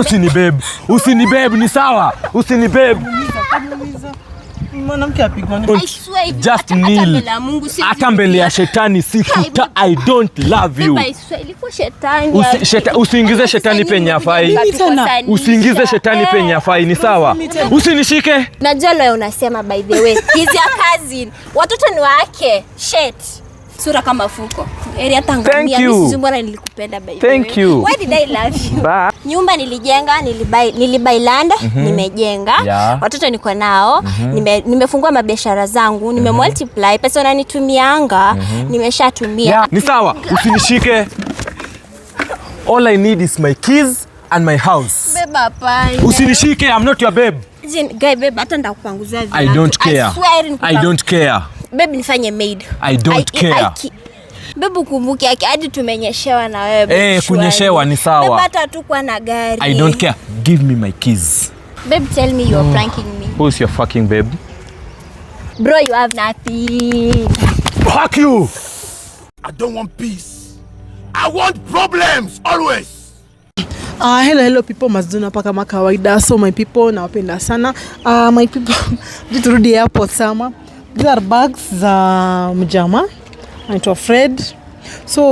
Acha usinibebe, usinibebe ni sawa, usinibebe. Just kneel. Hata mbele ya shetani sikuta. I don't love you. Usiingize shetani penye eh. afai, usiingize shetani penye afai, ni sawa. Usinishike. Najua leo unasema by the way. He's your cousin. Watoto ni wake. Shit sura kama fuko. Area tangamia mbona nilikupenda by Thank you. Why did I love you? Ba. Nyumba nilijenga, nilibai nilibai land, mm -hmm. nimejenga. Yeah. Watoto niko nao, mm -hmm. nime, nimefungua mabiashara zangu, nime mm -hmm. multiply pesa unanitumianga, mm -hmm. nimeshatumia. Yeah. Ni sawa, usinishike. All I need is my keys and my house. Beba panya. Usinishike, I'm not your babe. Guy babe, hata ndakupanguzia. I don't care. I swear I don't care. Babe nifanye maid. I don't I, care. I, I, Babe ukumbuke hadi tumenyeshewa na wewe. Eh, hey, kunyeshewa ni sawa. Babe hata tukwa na gari. I don't care. Give me my keys. Babe tell me you're mm. pranking me. Who's your fucking babe? Bro, you have nothing. Fuck you. I don't want peace. I want problems always. Uh, hello hello people mazuna paka makawaida. so my people nawapenda sana uh, my people jiturudi airport sama These are bags za mjama anaitwa Fred. So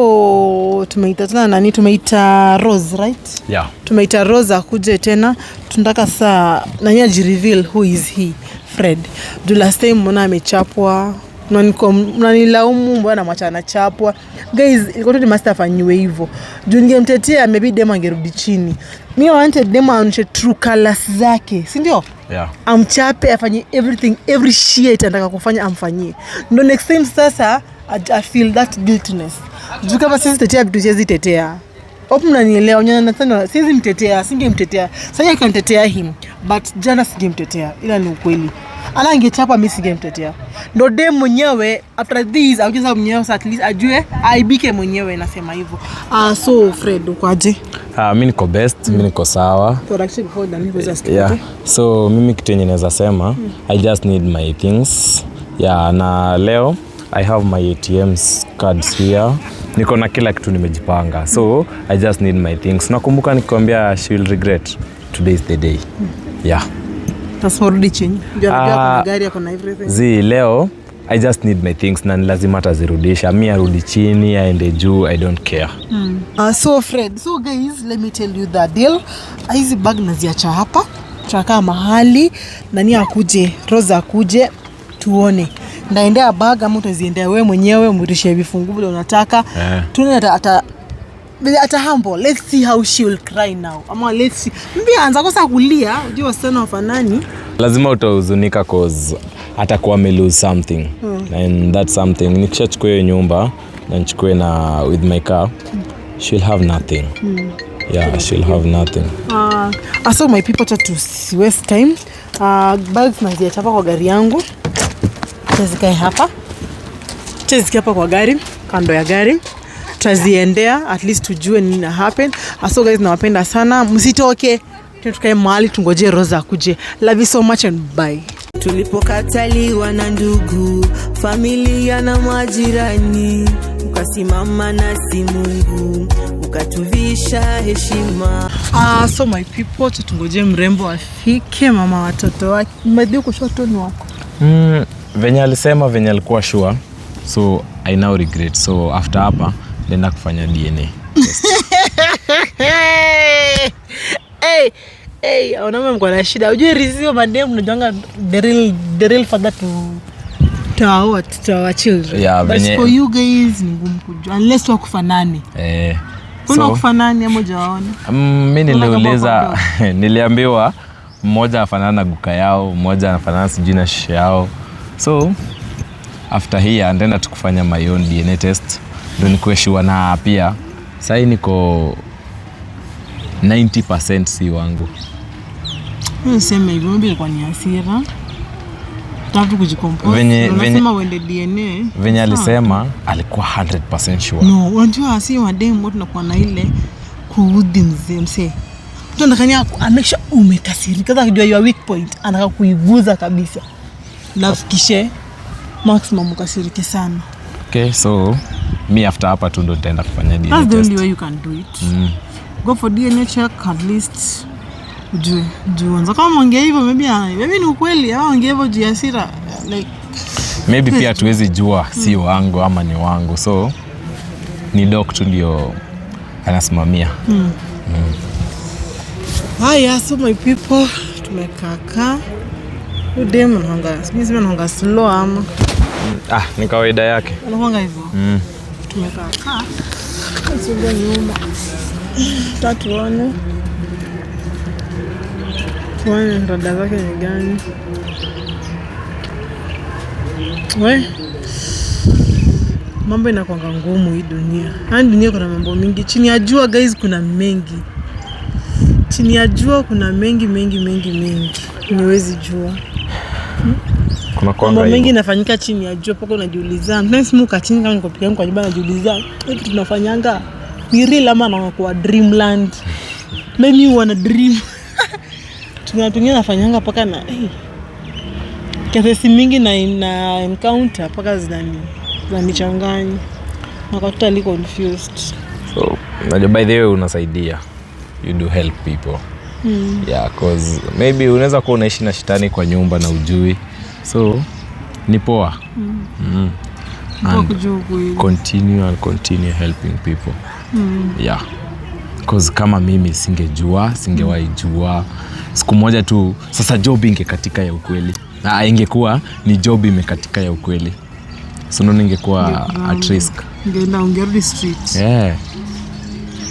tumeita tena nani, tumeita Rose right? Yeah. Tumeita Rose akuje tena, tunataka saa nani ajireveal who is he Fred. Do last time mbona amechapwa nanilaumu mbona mwacha anachapwa. Guys, ilikuwa tu master afanyiwe hivyo juu ningemtetea, maybe demo angerudi chini. Mi wanted demo aonyeshe true colors zake, si ndio? Yeah. Amchape afanye everything every shit anataka kufanya amfanyie. Ndo next time sasa I feel that guiltness Juu kama sisi tetea vitu siwezi tetea. Hope mnanielewa nyana nasema siwezi mtetea, singemtetea. Sasa kanitetea him but jana singemtetea. Ila ni ukweli ala angechapa, mimi singemtetea. Ndo dem mwenyewe after this aucheza mwenyewe, at least ajue aibike mwenyewe, nasema hivyo. Ah, so Fred, ukwaje Ah, mimi niko best, mimi niko sawa. Yeah. So mimi kitu yenye naweza sema I just need my things. Yeah, na leo I have my ATM cards here. Niko na kila kitu nimejipanga. So I just need my things. Nakumbuka nikikwambia she will regret. Today is the day. Yeah. Ah, zi leo I just need my things na lazima atazirudisha. Mi arudi chini aende juu, I don't care. Mm. Uh, so Fred, so guys, let me tell you that deal. Hizi bag naziacha hapa, tutakaa mahali nani akuje, Rosa akuje tuone ndaendea bag ama utaziendea wewe mwenyewe, mrudishie vifungu vile unataka. Yeah. Tuna at a humble let's see how she will cry now ama let's see mbia anza kosa kulia unajua wasichana wafanani lazima utahuzunika cause atakuwa ame lose something mm. and that something nikishachukua hiyo nyumba na nichukue na with my car mm. she'll have nothing mm. yeah she'll have nothing uh, so my people try to waste time uh, bags na naziacha hapa kwa gari yangu tazikae hapa tazikae hapa kwa gari kando ya gari tutaziendea at least tujue nini na happen. Ah, so guys, nawapenda sana, msitoke, tukae mahali tungoje roza akuje. Love you so much and bye. Tulipokataliwa na ndugu, familia na majirani, ukasimama nasi Mungu ukatuvisha heshima. Ah, so my people, tutungoje mrembo afike, mama watoto wake madi kushoto ni wako mm, venye alisema venye alikuwa shua so I now regret so after hapa nenda kufanya DNA yes. hey, hey, wanaume mko na shida, ujue rizio madem unajanga the real, the real father to to our, what to our children yeah, but for you guys ni ngumu kujua unless wakufanani eh kuna so, kufanani ama hujaona mm, mimi niliuliza niliambiwa mmoja afanana na guka yao, mmoja anafanana sijui na shisha yao, so after here nitaenda tukufanya my own DNA test ndo nikuwe sure, na pia sahii niko 90% si wangu. seme hivyo mbili kwa hasira. Tatu kujicompose. Venye unasema uende DNA. Venye alisema alikuwa 100% sure. No, unajua si wademu tunakuwa na ile kuudhi mzee msee Mtu anakanya amesha umekasirika, sasa kujua your weak point, anaka kuiguza kabisa. Nafikishe maximum ukasirike sana. Okay, so mi after hapa tu ndo nitaenda kufanya DNA test. That's the only way you can do it. Mm. Go for DNA check at least ujue kama hivyo maybe ah, maybe ni ukweli ama hivyo juu ya sira like maybe pia tuwezi jua si mm. wangu ama ni wangu so ni dok tu ndio anasimamia. Mm. Haya, so my people, tumekaka udemu nahonga, mimi sema nahonga slow ama ah, ni kawaida yake. Nahonga hivyo. Mm tumekaakaa zile nyumba tatuone tuone rada zake ni gani we mambo inakwanga ngumu hii dunia. Yaani dunia kuna mambo mingi chini ya jua guys, kuna mengi chini ya jua, kuna mengi mengi mengi mengi, niwezi jua mambo mengi nafanyika chini ya jua, paka unajiuliza msimuka chini, kama niko peke yangu kwa nyumba najiuliza kitu tunafanyanga ni real ama nakuwa dreamland. Mimi wana dream tunatungia nafanyanga paka na hey, eh, kasesi mingi na ina encounter paka zinani zinanichanganya na kwa totally confused. So najua by the way unasaidia, you do help people mm. Yeah, cause maybe unaweza kuwa unaishi na shetani kwa nyumba na ujui so ni poa mm. mm. and continue and continue helping people mm. yeah cause kama mimi singejua singewaijua mm. siku moja tu sasa job ingekatika ya ukweli ingekuwa ni job imekatika ya ukweli sino ingekuwa at risk ungerudi street yeah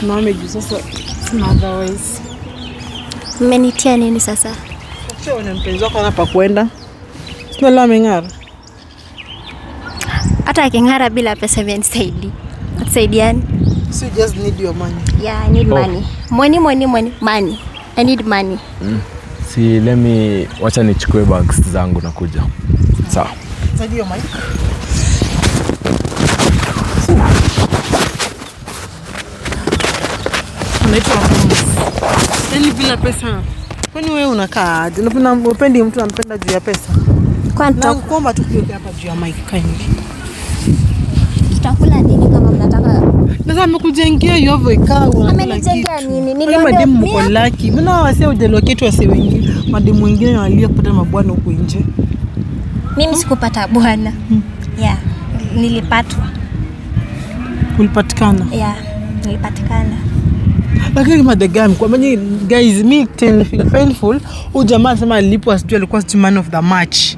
tusimame juu sasa sina otherwise. Mmenitia nini sasa? Ona mpenzi wako ana pa kuenda, sinala ameng'ara. Hata aking'ara bila pesa nisaidi atusaidiani. So you just need your money. Yeah, I need oh, money. Money, money, money. Money. I need money. Mm. Si let me wacha nichukue bags zangu nakuja. Sawa. Sawa. Yaani bila pesa. Kwani wewe unakaa aje? Unapendi mtu anampenda juu ya pesa? Kwani nitakuomba tu kiweke hapa juu ya mic kindly. Tutakula nini kama mnataka? Sasa amekujengia hiyo hivyo ikao. Amenijengea nini? Niliona mademu mko lucky. Mbona wasi hujelocate wasi wengine? Mademu wengine waliopata mabwana huko nje. Mimi sikupata bwana. Hmm. Yeah. Nilipatwa. Ulipatikana? Yeah. Nilipatikana lakini madegami kwa mani guys, mi painful huyu jamaa sema lipo sijui alikuwa sijui man of the match,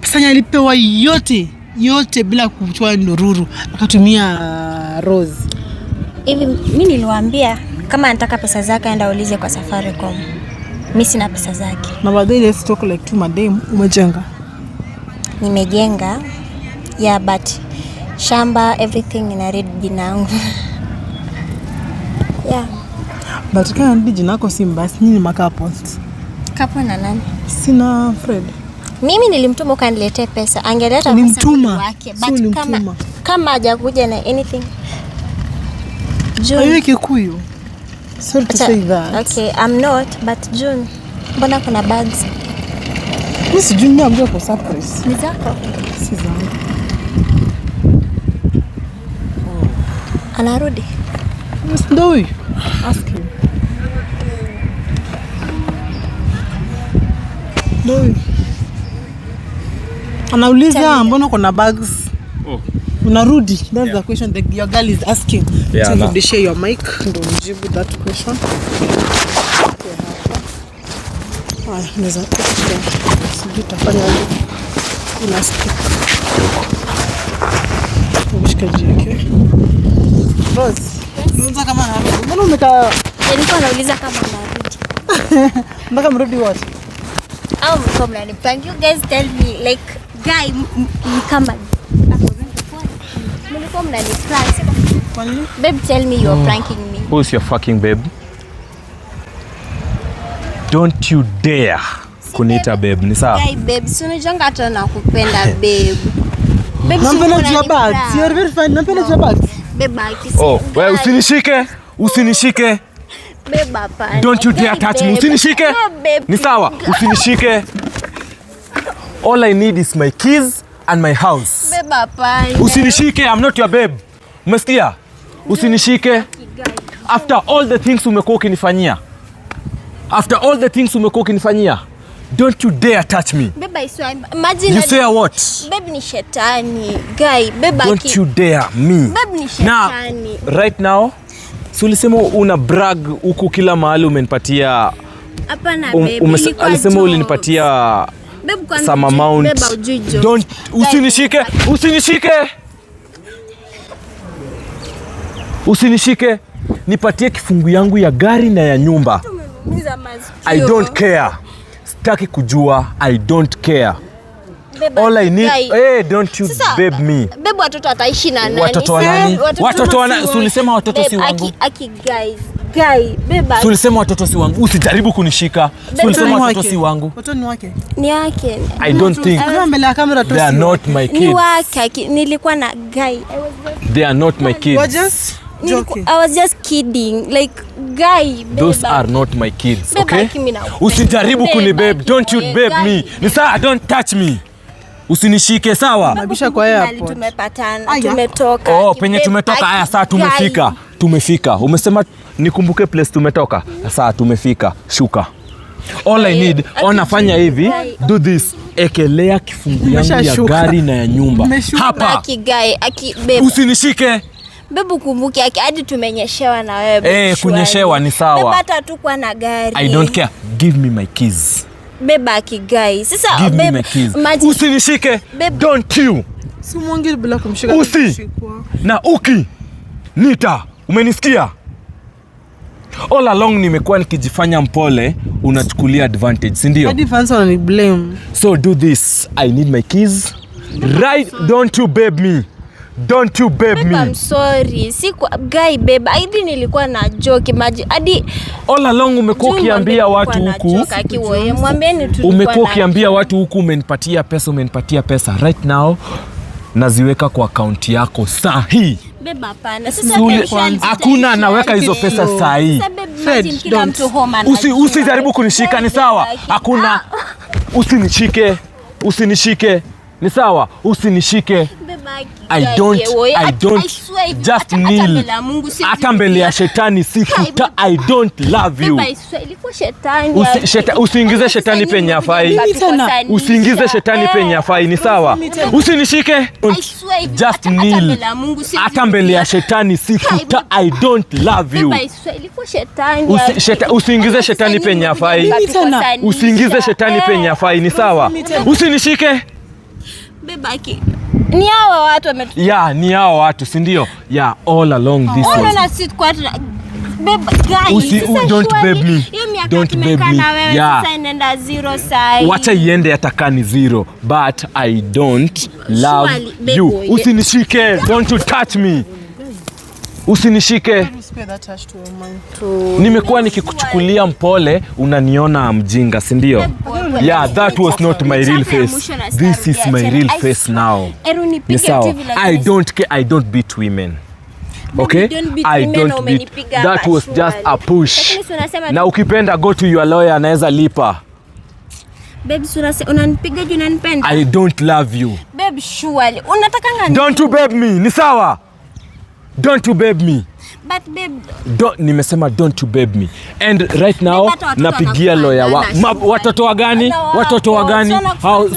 pesa alipewa yote yote bila kuchua ndururu, akatumia uh, Rose hivi. Mi niliwaambia kama anataka pesa zake aenda ulize kwa Safaricom, mi sina pesa zake. Na let's talk like two madem, umejenga? Nimejenga yeah, but shamba everything ina read jina yangu yeah. But kama ndiji nako Simba basi nyinyi ma couples. Kapo na nani? Sina Fred. Mimi nilimtuma ukaniletee pesa. Angeleta pesa mtuma wake. But kama kama hajakuja na anything. June. Ayo Kikuyu. Sorry to say that. Okay, I'm not but June. Mbona kuna bugs Mimi sijui mimi ambaye kwa surprise. Ni zako? Si zangu. Anarudi. ndio huyu. Ask Anauliza mbona kuna bags? Oh. Unarudi. That's yeah. the question that your girl is asking. Yeah, nah. Share your mic. Ndio mjibu that question. tafanya mbona umekaa? Nilikuwa nauliza kama mpaka mrudi wote au mko mnanipanga? You guys tell me like guy mkamba mlikuwa mnaniprank. Babe tell me you are pranking me. who is your fucking babe? Don't you dare kunita babe. Ni sawa? Guy babe, si unajanga hata nakupenda babe. Babe, usinishike, usinishike. Beba pana. Don't you dare touch me. Usinishike. Ni sawa. Usinishike. All I need is my keys and my house. Beba pana. Usinishike. I'm not your babe. Umesikia? Usinishike. After all the things umekuwa ukinifanyia. After all the things umekuwa ukinifanyia. Don't you dare touch me. Beba I swear. Imagine. You say what? Babe ni shetani. Guy, beba ki. Don't you dare me. Babe ni shetani. Now, right now, Si una brag huku kila mahali umenipatia. Hapana um, Alisema ulinipatia Don't usinishike, usinishike. Usinishike. Nipatie kifungu yangu ya gari na ya nyumba. I don't care. Sitaki kujua. I don't care. All I need, hey, don't you Sisa, babe me. Babe watoto ataishi na nani? Watoto wa nani? Watoto wa nani ulisema watoto si wangu. Aki, aki guys. Guy, beba. Ulisema watoto si wangu. Usijaribu kunishika. Ulisema watoto si wangu. Watoto ni wake. Ni wake. I don't think. Mbele ya kamera They are not my kids. Ni wake. Nilikuwa na guy. They are not my kids. Just Joking. I was just kidding. Like guy, Those are not my kids, okay? Usijaribu kuni babe. Don't you eh, babe me. Nisa, don't touch me. Usinishike sawa. Nabisha kwa airport. Tumepatana, tumetoka. Oh, penye tumetoka. Haya saa tumefika. Tumefika. Umesema nikumbuke place tumetoka. Saa tumefika. Shuka. All I need, ona fanya hivi. Do this. Ekelea kifungu yangu ya gari na ya nyumba. Hapa. Usinishike. Bebu kumbuke hadi tumenyeshewa na wewe. Eh, kunyeshewa ni sawa. Beba hata tu na gari. I don't care. Give me my keys beba kigai sasa, usinishike, don't you usi na uki nita, umenisikia? All along nimekuwa nikijifanya mpole, unachukulia advantage, si ndio? So do this, I need my keys right, don't you babe me Don't you babe me. I'm sorry. Si kwa guy babe. Hadi nilikuwa na joke maji. Hadi all along umekuwa ukiambia watu huku. Eh, umekuwa ukiambia watu huku umenipatia pesa, umenipatia pesa. Right now naziweka kwa akaunti yako saa hii. hakuna anaweka hizo pesa saa hii. Usi usijaribu kunishika ni sawa? Hakuna. Ah. Usinishike. Usinishike. Ni sawa? Usinishike. I don't, I don't, just kneel hata mbele ya shetani sikuta. Eh, I don't love you. Usiingize shetani eh. penye afai, usiingize shetani penye afai, ni sawa? Usinishike, just kneel hata mbele ya shetani sikuta. I don't love you. Usiingize shetani penye afai, usiingize shetani penye afai, ni sawa? Usinishike. Ni hawa watu wame... ya ni hawa watu, si ndio? all along this oh, was... Wacha iende atakani ni zero but I don't love you. Usinishike, don't you touch me. Usinishike, yaani nimekuwa nikikuchukulia mpole, unaniona mjinga, si ndio? Yeah, that was not my real face. This is my real face now. Ni sawa. I don't care, I don't beat women. Okay? I don't beat. That was just a push. Na ukipenda go to your lawyer, anaweza lipa. Babe, unanipiga juu unanipenda. I don't love you. Babe, surely. Unataka ngani? Don't you babe me. Ni sawa. Don't you babe me. But babe... Don't, nimesema don't you babe me. And right now napigia lawyer wa, watoto wa gani? Watoto wa gani? how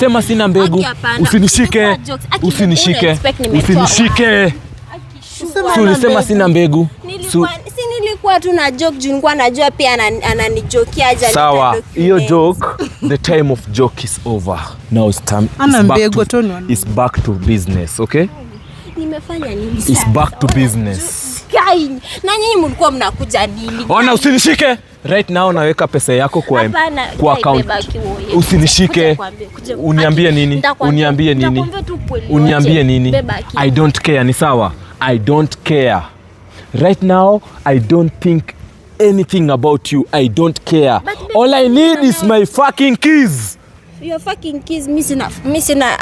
sema sina mbegu. Usinishike. Usinishike. Usinishike. sema sina mbegu. si Nilikuwa tu na joke juu nilikuwa najua pia ananijokia aje. Sawa, hiyo joke, the time of joke is over. Now it's time. It's back to, it's back to business, okay? Nimefanya nini? It's back to business. Kai, na nyinyi mlikuwa mnakuja nini? Ona usinishike. Right now naweka pesa yako kwa Hapana, kwa account. Usinishike. Uniambie nini? Uniambie nini? Uniambie nini? I don't care, ni sawa. I don't care. Right now I don't think anything about you. I don't care. All I need is my fucking keys. Your fucking keys missing missing a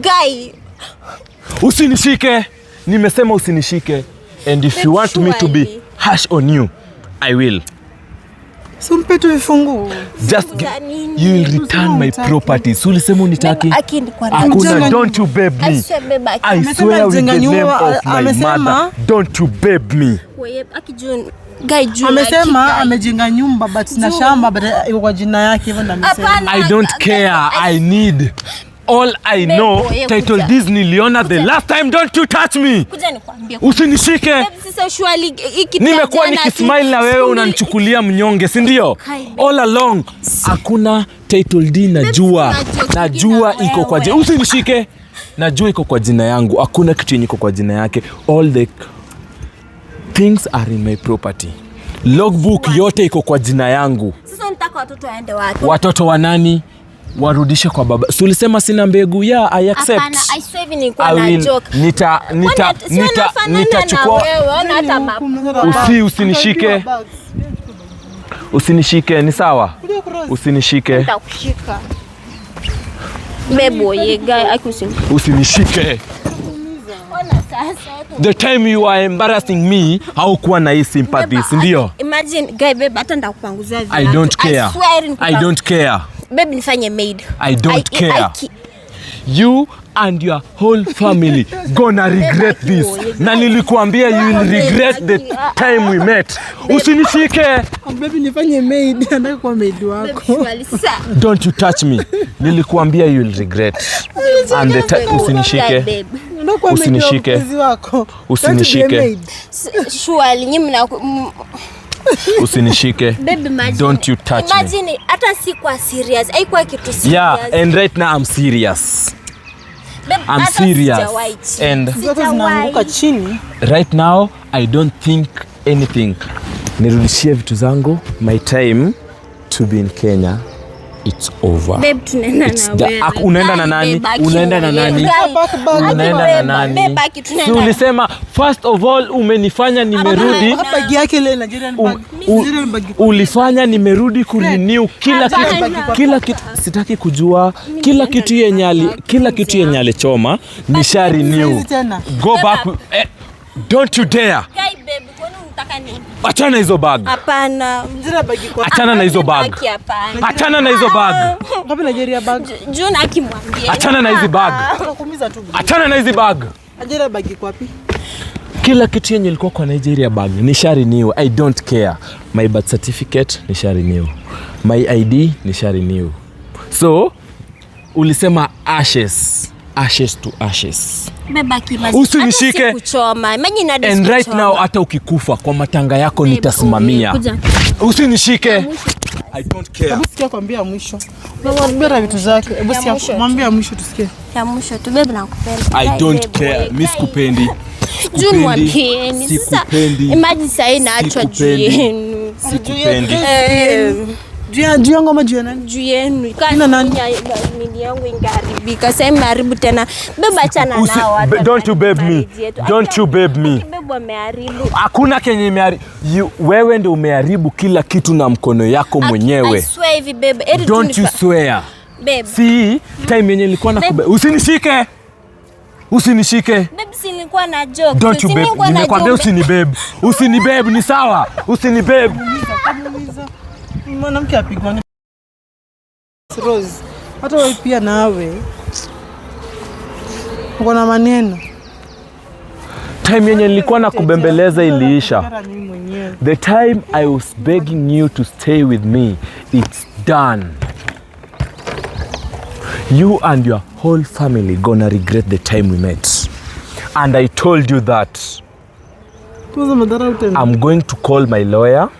guy. Usinishike, nimesema usinishike. And if you want me to be harsh on you, I will. Simpe tu vifunguo. Just you will return my property. Si ulisema unitaki? Akuna, ah, don't you beb me. I swear with the name of my mother. Don't you beb me. Amesema amejenga nyumba but na shamba but iko eh, kwa jina yake hivyo ndio amesema. I don't care. I need all I know eh, title Disney Leona the last time don't you touch me. Usinishike. Eh, eh, Nimekuwa nikismile na wewe unanichukulia mnyonge, si ndio? All along hakuna title D najua. Najua iko kwa jina. Usinishike. Najua iko kwa jina yangu. Hakuna kitu yenye iko kwa jina yake. All the things are in my property. Logbook yote iko kwa jina yangu. Sasa nataka watoto waende wapi? Watoto wa nani? warudishe kwa baba. Si ulisema sina mbegu ya I accept. Hapana, nitachukua. Usi usinishike. Usinishike ni sawa? Usinishike. Usinishike. The time you are embarrassing me, haukuwa na hii sympathy, ndio? Imagine guy, beba hata ndakupanguzia. I don't care. I swear I don't care babe, nifanye maid. I don't I, care. I, I, you and your whole family gonna regret this. Na nilikuambia you will regret the time we met. Usinishike. Oh, baby nifanye maid, anataka kuwa maid wako. Don't you touch me. Nilikuambia you will regret. And the time usinishike. Usinishike. Usinishike. usinishike Surely nyinyi mna Usinishike. Don't you touch imagine, me. Hata si kwa serious. Haikuwa kitu serious. Yeah, and right now I'm serious. I'm serious. And right now I don't think anything. Nirudishie vitu zangu my time to be in Kenya. It's over. Babe, tunaenda It's na wewe. unaenda na nani? Unaenda na nani? Unaenda na nani? Si ulisema first of all umenifanya nimerudi. Ulifanya nimerudi kurenew kila kitu. Kila kitu sitaki kujua. Kila kitu yenye ali kila kitu yenye alichoma nisha renew. Go back. Eh, don't you dare. Guy babe, kwani unataka nini? Achana na hizo bag. Hapana. mzira bagi kwa. Achana na hizo bag. Achana na hizo bag. Ngapi Nigeria bag? Juu na kimwambia. Achana na hizi bag. Ah. Achana na hizi bag. Nigeria bagi kwa wapi? Kila kitu yenye ilikuwa kwa Nigeria bag ni shari nishariniwa. I don't care. My birth certificate ni shari nishariniwa. My ID ni shari nishariniwa. So ulisema ashes ashes to ashes. Usinishike. And right now hata ukikufa kwa matanga yako nitasimamia. Usinishike. I don't care. Hebu sikia kwambia mwisho. Bora vitu zake. Hebu sikia mwambia mwisho tusikie. Ya mwisho tu babe nakupenda. I don't care. Mimi sikupendi. Juu mwambieni. Sasa imagine sasa inaachwa juu yenu. Sikupendi juu yangu ama juu ya nani? Juu yenu. mimi yangu ingeharibika. Sasa imeharibu tena. Beba achana nao hata. Don't you babe me. Don't you babe me. Bebe ameharibu. Hakuna kenye imeharibu. Wewe ndio umeharibu kila kitu na mkono yako mwenyewe. I swear hivi babe. Don't you swear. Babe. Si time yenye nilikuwa nakube. Usinishike. Usinishike. Babe si nilikuwa na joke. Don't you babe. Ninakwambia usini babe. Usini babe ni sawa. Usini babe mwanamke apigwa Rose, hata wewe pia nawe uko na maneno. Time yenye nilikuwa na kubembeleza iliisha. The time I was begging you to stay with me, it's done. You and your whole family gonna regret the time we met. And I told you that. I'm going to call my lawyer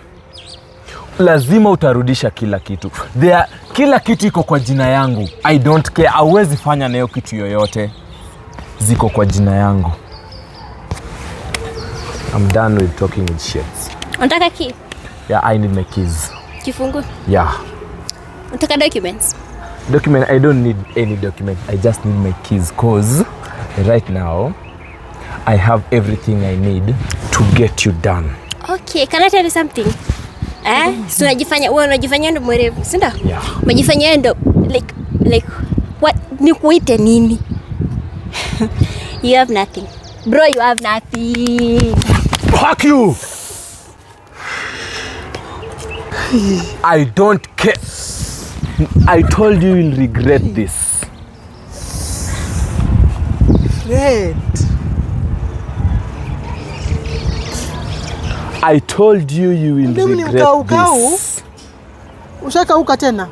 lazima utarudisha kila kitu. There, kila kitu iko kwa jina yangu. I don't care, hauwezi fanya nayo kitu yoyote, ziko kwa jina yangu. I'm done with talking with shits. Unataka key? Yeah, I need my keys. Kifungu? Yeah. Unataka documents? Document, I don't need any document. I just need my keys cause right now I have everything I need to get you done. Okay, can I tell you something? eh? Mm. si unajifanya wewe unajifanya ndo mwerevu, si ndio? yeah. Unajifanya yeah. ndo like like what ni kuite nini? you have nothing. Bro, you have nothing. Fuck you. I don't care. I told you you'll regret this. Fred. I told you you will regret this. ushakauka tena.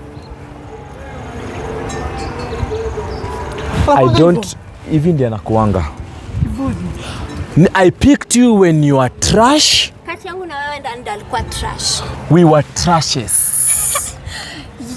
I don't even ndio nakuanga. I picked you when you are trash. Kati yangu na wewe ndio alikuwa trash. We were trashes.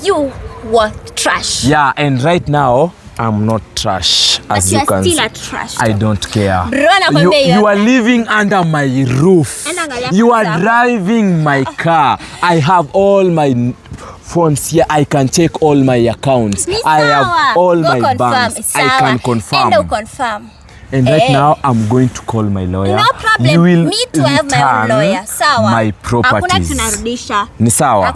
You were trash. Yeah, and right now I'm not trash as you, you can still see, I don't care. Bro, you, you are living under my roof. You are driving my oh. car. I have all my phones here. I can check all my accounts. Ni I sawa. have all Go my banks. I can confirm. Endo confirm. And right hey. Eh? now I'm going to call my lawyer. No problem. You will Me too have my own lawyer. Sawa. My properties. Ni sawa.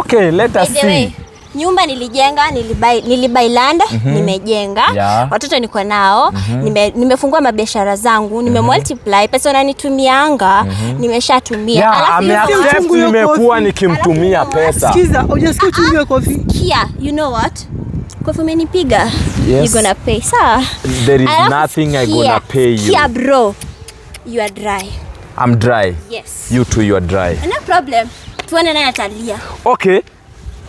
Okay, let us see. Way nyumba nilijenga, nilibai, nilibai land mm -hmm. nimejenga yeah. watoto niko nao mm -hmm. nime, nimefungua mabiashara zangu mhm. nime mm -hmm. multiply pesa nanitumianga mm -hmm. nimeshatumia yeah, alafu nimekuwa nikimtumia pesa. Sikiza, hujasikia uchungu wa kofi? Kia, you know what? Kofi umenipiga. Yes. You gonna pay, sawa? There is nothing kia, I gonna pay you. Kia bro. You are dry. I'm dry. Yes. You too, you are dry. No problem. Tuone naye atalia. Okay.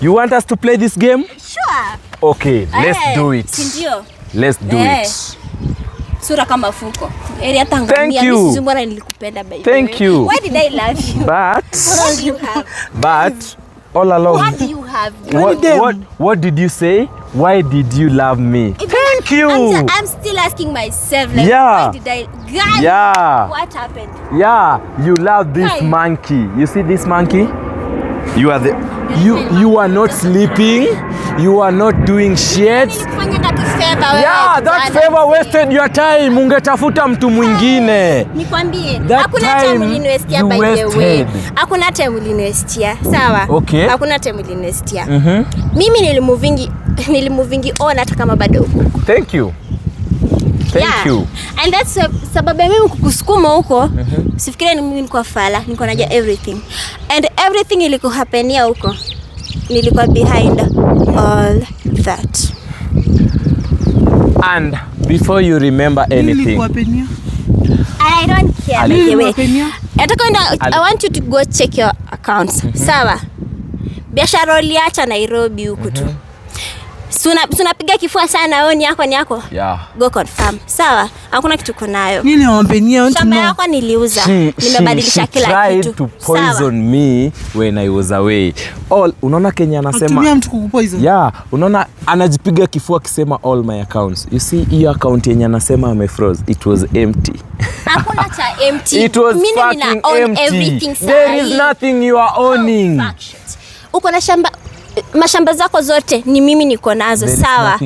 You want us to play this game? Sure. Okay, let's hey, eh, do it. Sindio. Let's do hey. it. Eh, sura kama fuko. Area tangu Thank you. nilikupenda by Thank you. Why did I love you? But What do you have? But all along. What do you have? What, what, what what did you say? Why did you love me? If Thank you. I'm, I'm still asking myself like yeah. why did I God, yeah. what happened? Yeah, you love this why? monkey. You see this monkey? you are the you you are not sleeping you are not doing shit yeah that favor wasted your time ungetafuta mtu mwingine nikwambie hakuna time ulinistia by the way hakuna time ulinestia sawa okay hakuna time ulinestia mm-hmm. mimi nilimuvingi nilimuvingi ona hata kama bado thank you Thank yeah. you. And that's sababu ya mimi kukusukuma huko mm -hmm. Uh-huh. Sifikiria ni mimi niko fala, niko naja everything and everything ilikohapenia huko nilikuwa behind all that. And before you remember anything I don't care. Atakwenda, I want you to go check your accounts. Mm -hmm. Sawa. Biashara uliacha Nairobi huko tu. Mm -hmm. Tunapiga kifua sana. Wewe ni yako ni yako. Yeah. Go confirm. Sawa, hakuna kitu uko kunayo. Mimi niwaambia shamba yako niliuza. Nimebadilisha kila kitu. Tried to poison me when I was away. All unaona Kenya anasema. Anatumia mtu kukupoison. Yeah, unaona anajipiga kifua akisema all my accounts. You see hiyo account yenye anasema ame froze. It was empty. Hakuna cha empty. It was fucking empty. Everything, There is nothing you are owning. Uko na shamba mashamba zako zote ni mimi niko nazo, sawa?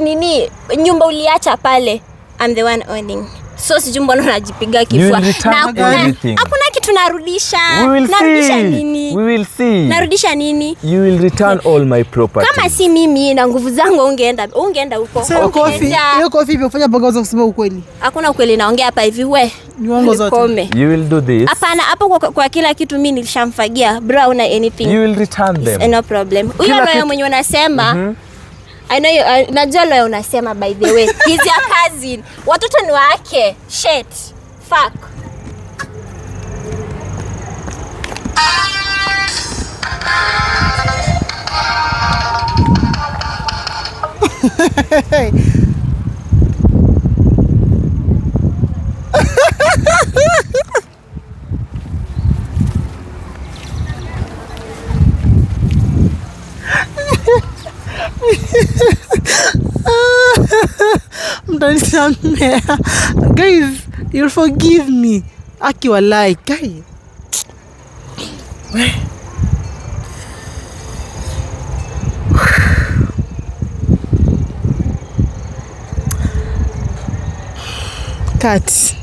Nini nyumba uliacha pale, I'm the one owning. So sijui mbona unajipiga kifua na hakuna tunarudisha. Narudisha nini? Narudisha nini? You will return all my property. Kama si mimi na nguvu zangu ungeenda ungeenda huko. Hiyo kofi imefanya mboga za kusema ukweli. Hakuna ukweli naongea hapa hivi we. zote. You will do this. Hapana, hapo kwa, kwa kila kitu mimi nilishamfagia. Bro, una anything. You will return them. Eh, no problem. Huyo leo mwenye unasema mm-hmm. I know you, uh, najua leo unasema by the way. He's your cousin. Watoto ni wake. Shit. Fuck. Mtanisamea guys, you'll forgive me. Aki walai kai Cats.